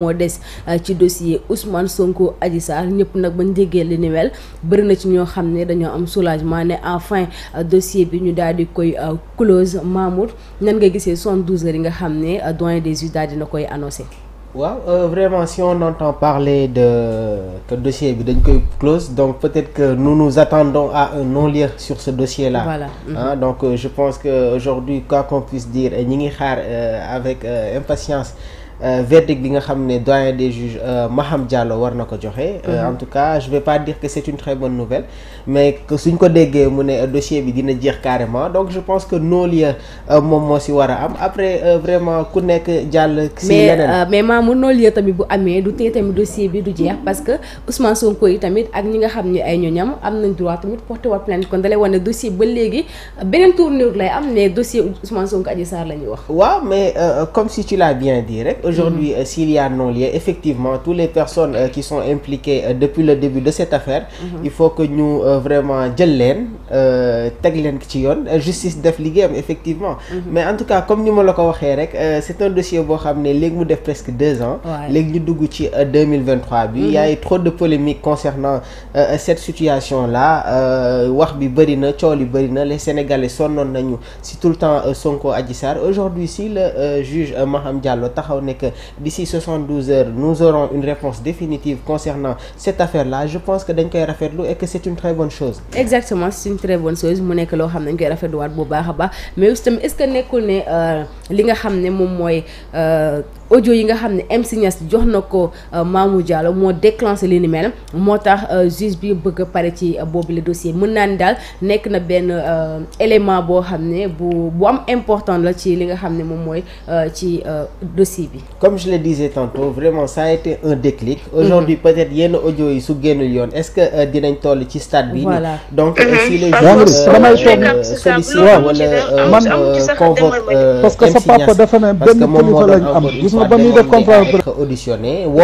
moo des euh, ci dossier Ousmane Sonko Adji Sarr ñëpp nag ba déggee li ni mel bëri na ci ñoo xam ne dañoo am soulagement ne enfin euh, dossier bi ñu daal di koy euh, close Mamour nan nga gisee 72 heures yi nga xam ne doyen des juges daal dina koy annoncé. waaw vraiment si on entend de que dossier bi dañ koy close donc peut-être que nous nous attendons à un non-lieu sur ce dossier-là. Mm-hmm. donc je pense que aujourd'hui quoi qu'on puisse dire ñi ngi xaar avec impatience. Euh, verdict bi nga xam ne doyen des euh, ma xam Diallo war na ko joxe. Euh, mhm. en tout cas je vais pas dire que c'est une très bonne nouvelle mais que suñ ko déggee mu ne dossier bi dina jeex carrément donc je pense que non moom moo si war a am après vraiment ku nekk jàll. si leneen mais mais maamu non-lieu tamit bu amee du tee tamit dossier bi du jeex parce que Ousmane Sonko yi tamit ak ñi nga xam ni ay ñoñam am nañ droit tamit porter war plainte kon dalay wane dossier ba léegi beneen tournure lay am ne dossier Ousmane Sonko Adji Sarr la ñuy wax. waaw mais comme si tu l'as bien dit rek. aujourd'hui euh, s'il y a non-lieu effectivement toutes les personnes euh, qui sont impliquées euh, depuis le début de cette affaire mhm. il faut que ñu euh, vraiment jël leen teg leen ci yoon justice def liggéeyam effectivement mhm. mais en tout cas comme ni ma la ko waxee rek c'est un dossier boo xam ne léegi mu def presque deux ans léegi ñu dugg ci bi il mhm. trop de polémiques concernant cette situation là wax bi bëri na coow li bëri na sonnoon nañu si tout le temps Sonko Adji Sarr aujourd'hui le juge Maham que d'ici 72 heures nous aurons une réponse définitive concernant cette affaire là je pense que dañ koy rafetlu et que c'est une très bonne chose. exactement c'est une très bonne chose mu nekk loo xam ne dañ koy rafetluwaat bu baax a baax mais aussi est que nekkul ne euh, li nga xam ne moom mooy. Euh, audio yi nga xam ne m MC Niass jox na ko euh, Mamou Diallo moo déclenché li ni moo tax euh, juge bi bëgg a pare ci euh, boobu le dossier mën naa ni daal nekk na benn élément boo xam ne bu bu am important la ci li nga xam ne moom mooy ci dossier bi. comme je le disais tantôt vraiment ça a été un déclic. Mhm. aujourd'hui peut-être yenn ojo yi su génnul yoon est-ce que dinañ toll ci stade bi. voilà donc mhm. si les jours damay toog sollicite wala convoque. parce que sa papa dafa ne benn ma ba muy def comprendre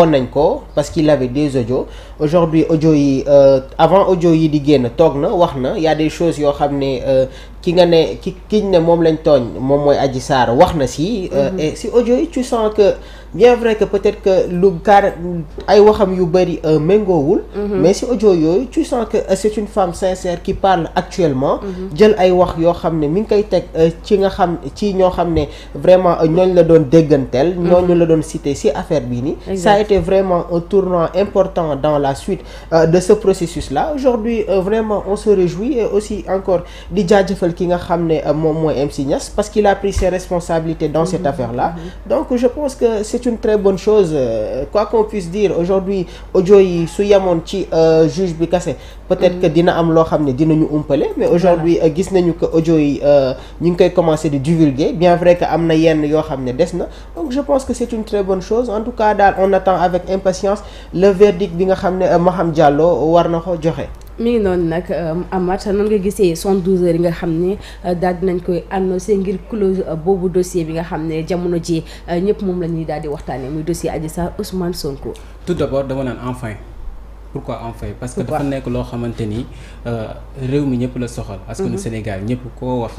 nañ ko parce qu'il avait des audios aujourd'hui audio yi euh, avant audio yi di génn toog na wax na y a des choses yoo xam ne euh, ki nga ne ki kiñ ne moom lañ tooñ moom mooy aji Sarr wax na si. Euh, mhm. et si audio yi tu sens que bien vrai que peut-être que lu kaar ay waxam yu bëri méngoowul. Mhm. mais si audio yooyu tu sens que c'est une femme sincère qui parle actuellement. Mhm. jël ay wax yoo xam ne mi ngi koy teg ci nga xam ci ñoo xam ne vraiment ñooñ la doon dégganteel. ñooñu la doon cité si affaire bi nii. ça a été vraiment un tournant important dans la suite euh, de ce processus là aujourd'hui euh, vraiment on se réjouit et aussi encore di jaajëfal ki nga xam ne euh, moom mooy MC Niass parce qu'il a pris ses responsabilités dans cette mhm. affaire là mhm. donc je pense que c'est une très bonne chose quoi qu'on puisse dire aujourd'hui audio yi su yemoon ci juge bi kase peut-être que dina am loo xam ne dinañu umpale mais aujourd'hui gis nañu que audio yi euh, ñu ngi koy commencer di divulguer bien vrai que am na yenn yoo xam ne des na donc je pense que c'est une très bonne chose en tout cas daal on attend avec impatience le verdict bi nga xam ne xam euh, Diallo war na ko joxe mi ngi noonu nag euh, Amath nan nga gisee 72 heures yi nga xam ne daal nañ koy annoncé ngir close boobu dossier bi nga xam ne jamono ji ñëpp moom la ñuy daal di waxtaanee muy dossier Adji Sarr Ousmane Sonko. tout d'abord dama naan enfin pourquoi en fait parce que dafa nekk loo xamante ni euh, réew mi ñëpp la soxal askanu mhm. Sénégal ñëpp koo wax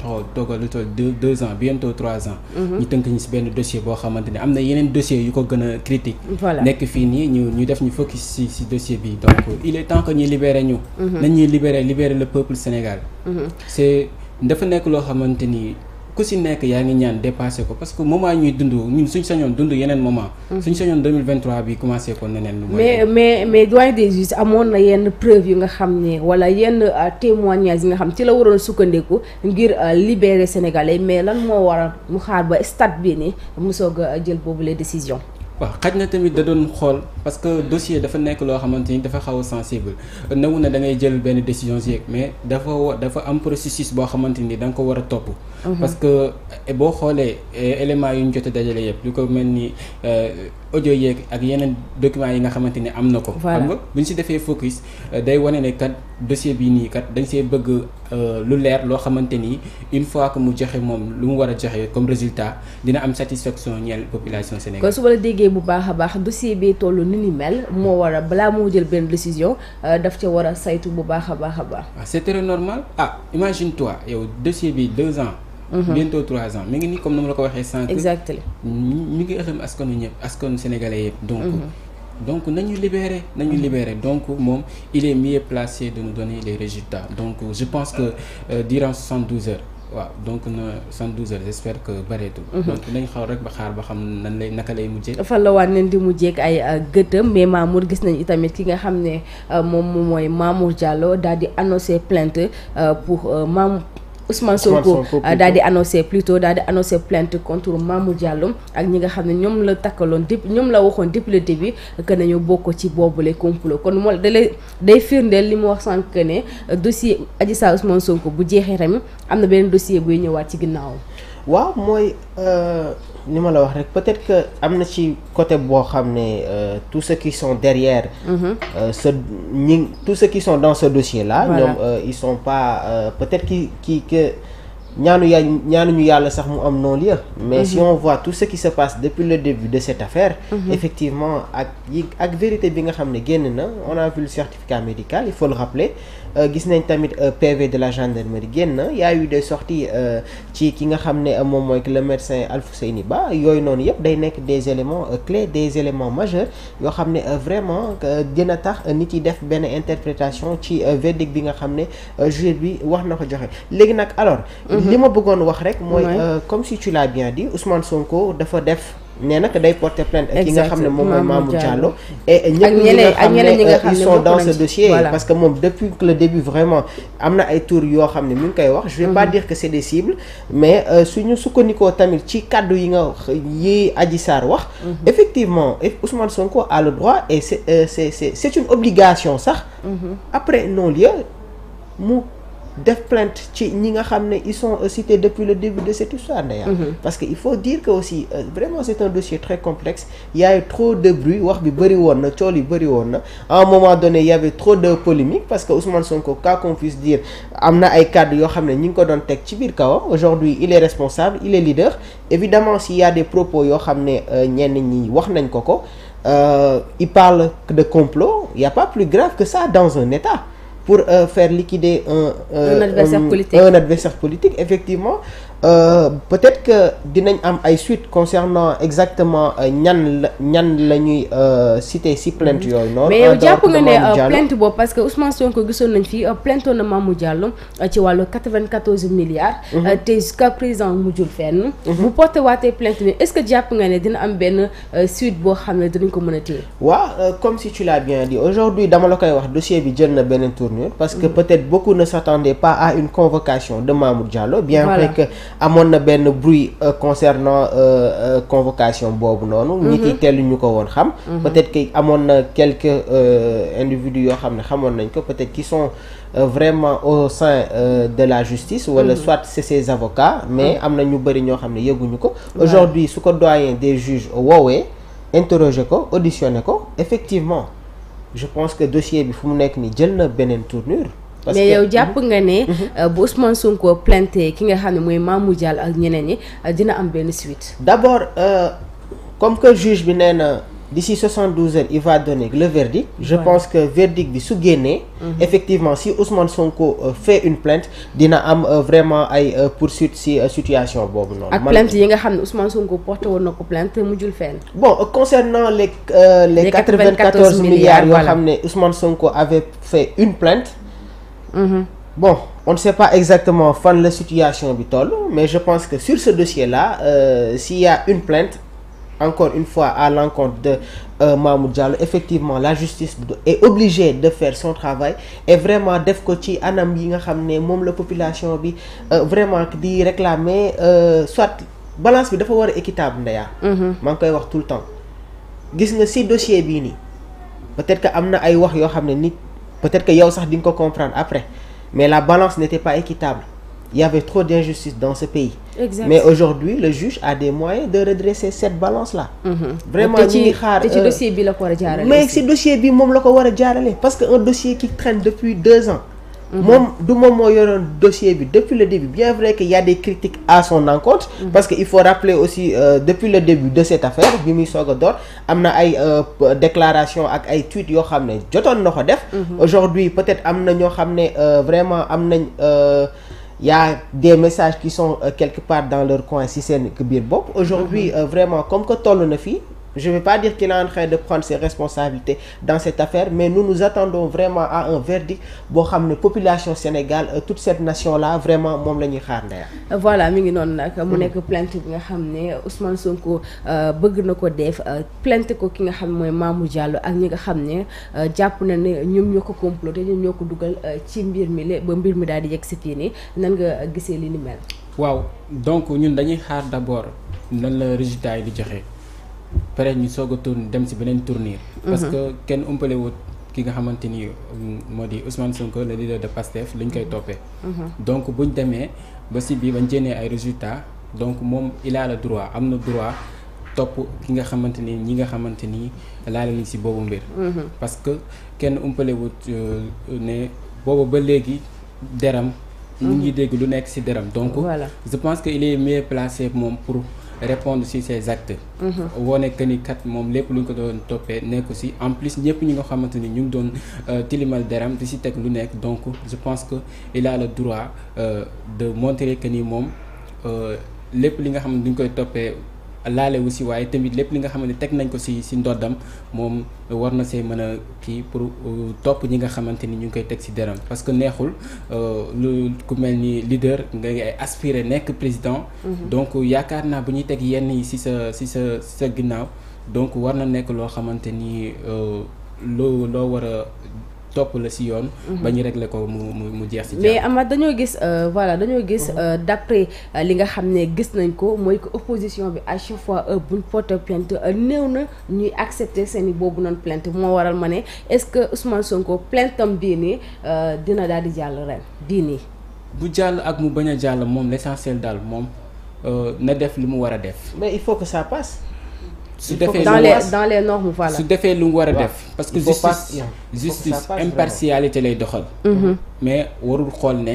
taxaw toogal lu toll deux deux ans bientôt trois ans mhm. ñu tënk ñu si benn dossier boo xamante ni am na yeneen dossier yu ko gën a critique nekk fii nii ñu ñu def ñu focus si si dossier bi donc il est temps que ñuy ñu mhm. nañuy libérer libérer le peuple Sénégal c'est dafa nekk loo xamante ni ku si nekk yaa ngi ñaan dépassé ko parce que moment ñuy dund ñun suñ sañoon dund yeneen moment. Mm. suñ sañoon 2023 bi commencé ko neneen. lu mais mais mais doyen des juges amoon na yenn preuve yu nga xam ne wala yenn euh, témoignages yi nga xam ci la waroon sukkandiku ngir euh, libérer sénégalais mais lan moo waral mu xaar ba stade bi ni mu soog a jël boobu les décisions. waaw xaj na tamit da doon xool parce que dossier dafa nekk loo xamante ni dafa xaw a sensible nawu na da ngay jël benn décisions si mais dafa wa dafa am processus boo xamante ni da nga ko war a topp. Mhm. parce que eh, boo xoolee eh, éléments yu ñu jot dajale yëpp lu ko mel nii euh, audio yeeg ak yeneen document yi nga xamante ni am na ko. xam bu ñu si defee focus euh, day wone ne kat dossier bii nii kat dañ see bëgg euh, lu leer loo xamante ni une fois que mu joxe moom lu mu war a joxe comme résultat dina am satisfaction ñeel population sénégalaise. kon su la déggee bu baax a baax dossier bi toll ni ni mel moo war a balaa moo jël benn décision euh, daf ca war a saytu bu baax a baax a baax. waaw ah, c'est très normal ah imagine toi yow dossier bi deux ans. Mmh. bientôt ngi nii comme ni ma la ko ngi ëxam askanu ñëpp askanu sénégalais yëpp. donc mmh. donc nañu libéré nañu mmh. libéré donc moom il est mieux placé de nous donner les donc je pense que euh, durant 72 heures. waaw donc na 72 heures j'espère que bareetul. donc nañ xaw rek ba xaar ba xam nan lay naka lay mujjee. fan la waan nañ di mujjee ak ay euh, gëtëm mais Mamour gis nañ itamit ki nga xam ne euh, moom mooy Mamour Diallo daal di annoncé plainte euh, pour Mamour. Ousmane Sonko euh, daal di annoncé plutôt daal di annoncé plainte contre Mamour Diallo ak ñi nga xam ne ñoom la takkaloon dip ñoom la waxoon depuis le début que nañu bokk ci boobule complot kon moo dalay day firndeel li mu wax sànq ne euh, dossier Adji Sarr Ousmane Sonko bu jeexee tamit am na beneen dossier buy ñëwaat ci ginnaawam waaw mooy euh, ni ma la wax rek peut que am na ci côté boo xam ne euh, tout ceux qui son derrière mhm. euh, ce ñi tous ceux qui sont dans ce dossier la ñoom voilà. Euh, ils sont pas peut-être qui qui que ñaanu yaay ñaanuñu yàlla sax mu am non lieu mais mmh. si on voit tout ce qui se passe depuis le début de cette affaire mmh. effectivement ak yi ak vérité bi nga xam ne génn na on a vu le certificat médical il faut le rappeler euh, gis nañ tamit euh, PV de la gendarmerie génn na y a eu des euh, ci ki nga xam ne moom mooy le médecin Alfouseyni Ba yooyu noonu yëpp day nekk des éléments clés des éléments majeurs yoo xam ne vraiment gën a tax nit yi def benn interprétation ci verdict bi nga xam ne juge bi wax na ko joxe léegi nag alors mhm. Mhm. li ma bëggoon wax rek. mooy euh, comme si tu l'as bien dit Ousmane Sonko dafa def. nee nag day porter plainte ak ki nga xam ne moom mooy Mamour Diallo et ñëpp ñi nga euh, xam ne ils sont dans ce dossier parce que moom depuis le début vraiment am na ay tour yoo xam ne mu ngi koy wax je vais mhm. pas dire que c'est des cibles mais euh, suñu sukkandikoo tamit ci kaddu yi nga yi Adji Sarr wax mhm. effectivement Ousmane Sonko a le droit et c'est c'est c'est une obligation sax après non lieu mu def plainte ci ñi nga xam ne ils son euh, cités depuis le début de cette histoire d'ailleurs mm-hmm. parce que il faut dire que aussi euh, vraiment c'est un dossier très complexe il trop de bruit wax bi bëri woon na cool yi bëri woon na à un moment donné il y avait trop de polémique parce que Ousmane Sonko quoi qu'on puisse dire am na ay cadres yoo xam ne ñi ngi ko doon teg ci biir kawam aujourd'hui il est responsable il est leader évidemment s'il y a propos yoo xam ne euh, ñenn ñi wax nañ ko ko il parle de complot il y a pas plus grave pour euh, faire liquider un, un, euh, un, adversaire un, politique. un adversaire politique effectivement Euh, peut-être que dinañ am ay suite concernant exactement euh, ñan la ñan la ñuy euh, cité ci plainte yooyu noonu. mais yow euh, jàpp nga ne plainte boobu parce que Ousmane Sonko gisoon nañ fi plainte na Mamou Diallo ci wàllu 94 milliards. Mhm. te jusqu'à mu mujjul fenn. bu mhm. porté waatee plainte bi est-ce que jàpp nga ne dina am benn suite boo xam ne dinañ ko mën a téye. waaw comme si tu l'as bien dit aujourd'hui dama la koy wax dossier bi jël na beneen tournure. parce que mhm. peut-être beaucoup ne s'attendaient pas à une convocation de Mamou Diallo. bien voilà. amoon na benn bruit euh, concernant euh, euh, convocation boobu noonu ñi mhm. ci tellu ñu ko woon xam mhm. peut-être que amoon na quelques individus yoo xam ne xamoon nañ ko peut-être qui sont vraiment au sein de la justice wala mhm. soit c'est ses avocats mais am na ñu bëri ñoo xam ne yëguñu ko aujourd'hui su ko doyen des juges woowee interroger ko auditionner ko effectivement je pense que dossier bi fu mu nekk nii jël na beneen tournure parce mais yow jàpp nga ne. Mhm. Mhm. Euh, bu Ousmane Sonko plainté ki nga xam ne mooy Mamour Diallo ak ñeneen yi euh, dina am benn suite. d' abord euh, comme que juge bi nee na d'ici 72 heures il va donner le verdict. je voilà. pense que verdict bi su génnee. Mhm. effectivement si Ousmane Sonko euh, fait une plante dina am vraiment ay pour poursuite si situation boobu noonu. ak plainte yi nga xam ne Ousmane Sonko porté woon na ko plainte mujjul fenn. bon concernant les euh, les. les 94 milliards yoo xam ne Ousmane Sonko avait fait une Mm-hmm. bon on ne sait pas exactement fan la situation bi toll mais je pense que sur ce dossier là euh, s'il une plainte encore une fois à l'encontre de euh, Mamour effectivement la justice est obligée de fair son travail et vraiment def ko ci anam yi nga xam ne moom la population bi euh, vraiment di réclamer euh, soit balance bi dafa war a équitable ndeyaa mm-hmm. maa ngi koy wax tout le temps gis nga si dossier bii nii peut-être que am na ay wax yoo xam ne nit peut-être que yow sax di nga ko comprendre après mais la balance n'était pas équitable il y avait trop d'injustice dans ce pays mais aujourd'hui le juge a des moyens de redresser cette balance là mm vraiment ñu ngi xaar te ci euh, dossier bi la ko war a jaarale mais si dossier bi moom la ko war a parce que un dossier qui traîne depuis deux ans Mhm. moom du moom moo yoroon dossier bi depuis le début bien vrai que y a des à son encontre mhm. parce que il faut rappeler aussi euh, depuis le début de cette affaire bi muy soog a door am na ay euh, déclaration ak ay tweet yoo xam ne jotoon na ko def mhm. aujourd'hui peut-être am na ñoo xam ne euh, vraiment am nañ y a des messages qui son quelque part dans leur coin si seen biir bopp aujourd'hui vraiment comme que toll na fii Je ne veux pas dire qu'il est en train de prendre ses responsabilités dans cette affaire, mais nous nous attendons vraiment à un verdict boo xam ne population Sénégal euh, toute cette nation la vraiment moom la ñuy xaar ndeyam. voilà mi ngi noonu nag. mu mm. nekk plainte bi nga xam ne Ousmane Sonko euh, bëgg na ko def euh, plante ko ki nga xam ne mooy Mamou Diallo ak ñi nga xam ne jàpp na ne ñoom ñoo ko comploté ñoom ñoo ko dugal ci mbir mi la ba mbir mi daal di yegg si fii nii nan nga gisee li ni donc ñun dañuy xaar d'abord lan la résultat yi joxe. pare ñu soog a dem si beneen tournir mhm. parce que kenn umpale wut ki nga xamante ni mm, moo di Ousmane Sonko le leader de Pastef lu ñu koy toppee mhm. donc buñ demee ba si bii ba jénnee ay résultats donc moom il a am na droit topp ki nga xamante ni ñi nga xamante ni laale nañ si boobu mbir mhm. parce que kenn umpale wut euh, ne boobu ba léegi deram mu ngi dégg lu nekk si deram donc je pense que il est mieux placé moom pour répondre si ses actes. Mhm. wone que ni kat moom lépp lu ñu ko doon toppee nekku si en plus ñëpp ñi nga xamante ni ñu ngi doon euh, tilimal deram di si teg lu nekk donc je pense que il a le droit euh, de montrer que nii moom euh, lépp li nga xam duñ koy toppee. laale wu si waaye tamit lépp li nga xam ne teg nañ ko si si ndoddam moom war na see mën a kii pour euh, topp ñi nga xamante ni ñu ngi koy teg si deram parce que neexul euh, lu ku mel ni leader ngay aspiré nekk président. Mhm. donc yaakaar naa bu ñu teg yenn yi si sa si sa sa ginnaaw donc war na nekk loo xamante ni euh, loo loo war a topp la si yoon. Mhm. ba ñu régler ko mu mu mu jeex si. mais Amath dañoo gis euh, voilà dañoo gis mhm. euh, d'après euh, li nga xam ne gis nañ ko mooy que opposition bi à chaque fois buñ porté plainte néew na ñuy accepter seen i boobu noonu plainte moo waral ma ne est-ce que Ousmane Sonko plainte am bii nii dina daal di jàll ren bii nii. bu jàll ak mu bañ a jàll moom l'essentiel daal moom na def li mu war a def. mais il faut que ça passe. su defee dans les dans les normes voilà. defee lu mu war a def. parce que justice justice impartialité lay doxal. Mhm. mais warul xool ne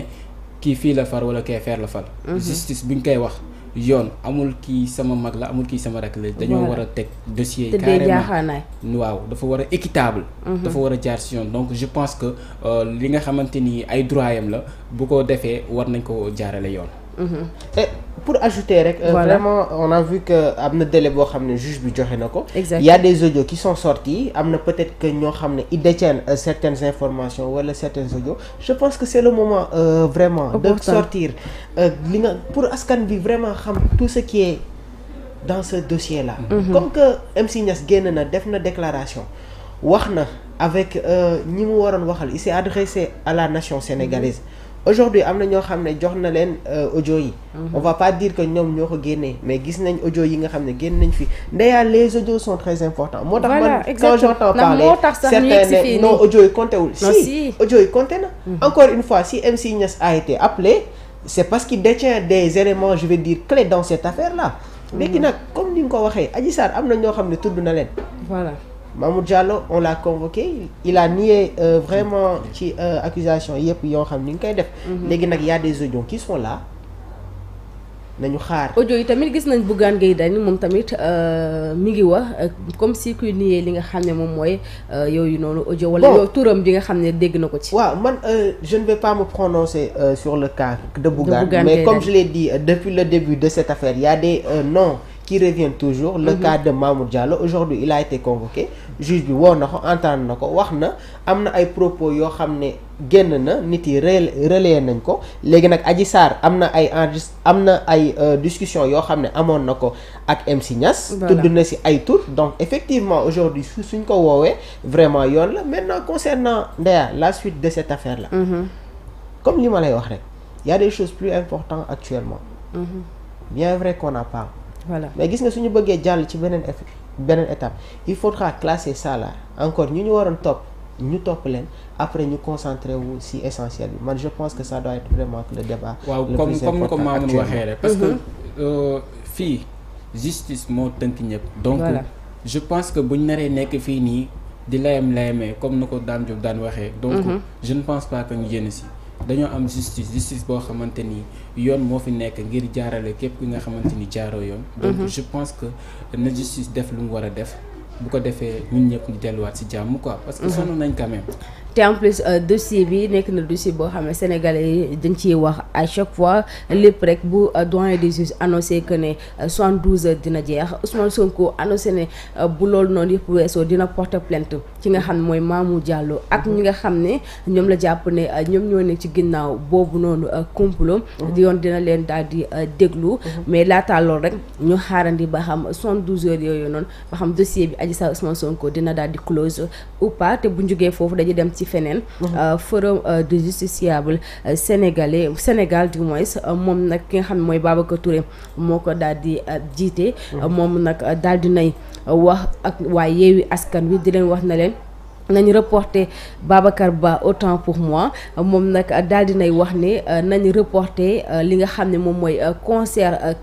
kii fii la far wala kee feer la fal. Mhm. justice buñ koy wax. yoon amul kii sama mag la amul kii sama rakk la dañoo war a teg dossier carrément waaw dafa war a équitable mhm. dafa war a jaar si yoon donc je pense que euh, li nga xamante ni ay droit yam la bu ko defee war nañ ko jaarale yoon eh, pour ajouter rek. Euh, voilà. vraiment on a vu que am na délai boo xam ne juge bi joxe na ko. exactement y a des audios qui sont sortis am na peut-être que ñoo xam ne i détiennent euh, certaines informations wala certaines audios je pense que c'est le moment euh, vraiment. de sortir euh, li nga pour askan bi vraiment xam tout ce qui est dans ce dossier là. Mhm. Mm-hmm. comme que MC génn na def na déclaration wax na avec euh, ñi mu waroon waxal il s'est adressé à la nation sénégalaise. aujourd'hui am na ñoo xam ne jox na leen euh, audio yi mhm. on va pas dire que ñoom ñoo ko génnee mais gis nañ audio yi nga xam ne génn nañ fi ndaya les audios sont très importants moo tax man quand j'entends parler certains non audio yi compté wul si audio yi compté na mhm. encore une fois si MC Niass a été appelé c'est parce qu'il détient des éléments je vais dire clés dans cette affaire là mhm. léegi nag comme ni nga ko waxee Adji Sarr am na ñoo xam ne tudd na leen voilà Mamour Diallo on l'a convoqué il a nié euh, vraiment ci euh, accusation yëpp yoo xam ni ñu koy def. Mhm. léegi nag y a des kii qui sont là nañu xaar. audio yi tamit gis nañ Bougane Gueye Dany moom tamit euh, mi ngi wax euh, comme si kuy nié li nga xam ne moom mooy euh, yooyu noonu audio. wala yow turam bi nga xam ne dégg na ko ci. waaw man je ne vais pas me prononcer euh, sur le cas. de Bougane mais comme je l'ai dit depuis le début de cette affaire y a des noms. qui revient toujours le mhm. cas de Mamour Diallo aujourd'hui il a été convoqué bi woo na ko entendre na ko wax na am na ay propos yoo xam ne génn na nit yi relayé nañ ko léegi nag aji Sarr am na ay enregistre am na ay euh, discussion yoo xam ne amoon na ko ak MC Niass tudd na si ay tout donc effectivement aujourd'hui su suñ ko woowee vraiment yoon la maintenant concernant Ndeya la suite de cette affaire là mhm. comme li ma lay wax rek y a des choses plus importantes actuellement mhm. voilà mais gis nga suñu bëggee jàll ci beneen beneen étape il faudra classer ça là encore ñu ñu waroon topp ñu topp leen après ñu concentré wu si essentiel bi man je pense que ça doit être vraiment que le débat. waaw comme comme comme Mamoun waxee rek. parce que mhm. euh, fii justice moo tënk ñëpp. donc je pense que buñ naree nekk fii nii di layam layamee comme nu ko Dame Diop daan waxee. donc mhm. je ne pense pas que ñu génn si. dañoo am justice justice boo xamante ni yoon moo fi nekk ngir jaarale képp ki nga xamante ni jaaroo yoon. Mhm. donc je pense que na justice def lu mu war a def bu ko defee ñun ñëpp ñu delluwaat si jàmm quoi. parce que mhm. sonn nañ quand même. te en plus euh, bi nekk na dossier boo xam ne sénégalais yi dañ ciy wax à chaque fois lépp rek bu euh, doyen des juges annoncé que ne 72 euh, heures dina jeex Ousmane Sonko annoncé ne bu loolu noonu yëpp weesoo dina porter plainte ci nga xam ne mooy Mamou Diallo ak ñi nga xam ne ñoom la jàpp ne ñoom ñoo nekk ci ginnaaw boobu noonu complot mhm. di yoon dina leen daal di déglu mhm. mais laataa loolu rek ñu xaarandi ba xam 72 heures yooyu noonu ba xam bi Adji Sarr Ousmane Sonko dina daal di close te bu njugee feneen mhm. euh, forum euh, de justiciable euh, sénégalais Sénégal du moins moom nag ki nga xam ne mooy Babacar Touré moo ko daal di jiite mhm. moom nag daldi di nay wax ak waa yeewi askan wi di leen wax na leen nañ reporté Babacar Ba autant pour moi moom nag daal nay wax ne nañ reporté li nga xam ne moom mooy concert